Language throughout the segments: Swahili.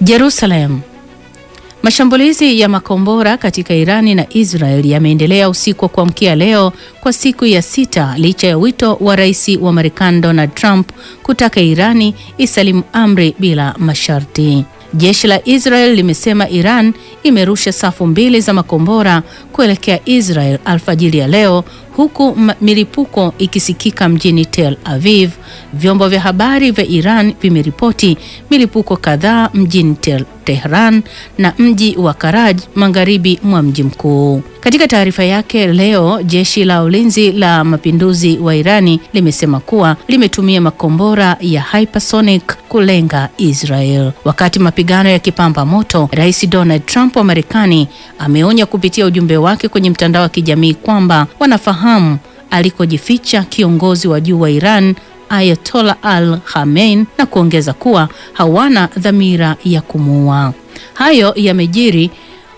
Jerusalem. Mashambulizi ya makombora katika Irani na Israel yameendelea usiku wa kuamkia leo kwa siku ya sita licha ya wito wa Rais wa Marekani Donald Trump kutaka Irani isalimu amri bila masharti. Jeshi la Israel limesema Iran imerusha safu mbili za makombora kuelekea Israel alfajiri ya leo huku milipuko ikisikika mjini Tel Aviv. Vyombo vya habari vya Iran vimeripoti milipuko kadhaa mjini Tel Tehran na mji wa Karaj magharibi mwa mji mkuu. Katika taarifa yake leo, jeshi la ulinzi la mapinduzi wa Irani limesema kuwa limetumia makombora ya hypersonic kulenga Israel. Wakati mapigano ya kipamba moto, Rais Donald Trump wa Marekani ameonya kupitia ujumbe wake kwenye mtandao wa kijamii kwamba wanafahamu kufahamu alikojificha kiongozi wa juu wa Iran Ayatollah Al Khamenei na kuongeza kuwa hawana dhamira ya kumuua. Hayo yamejiri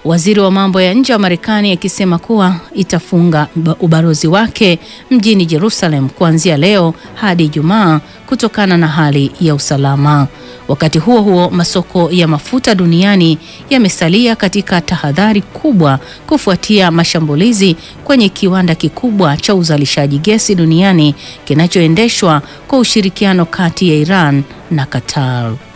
waziri wa mambo ya nje wa Marekani akisema kuwa itafunga ubalozi wake mjini Jerusalem kuanzia leo hadi Ijumaa kutokana na hali ya usalama. Wakati huo huo, masoko ya mafuta duniani yamesalia katika tahadhari kubwa kufuatia mashambulizi kwenye kiwanda kikubwa cha uzalishaji gesi duniani kinachoendeshwa kwa ushirikiano kati ya Iran na Qatar.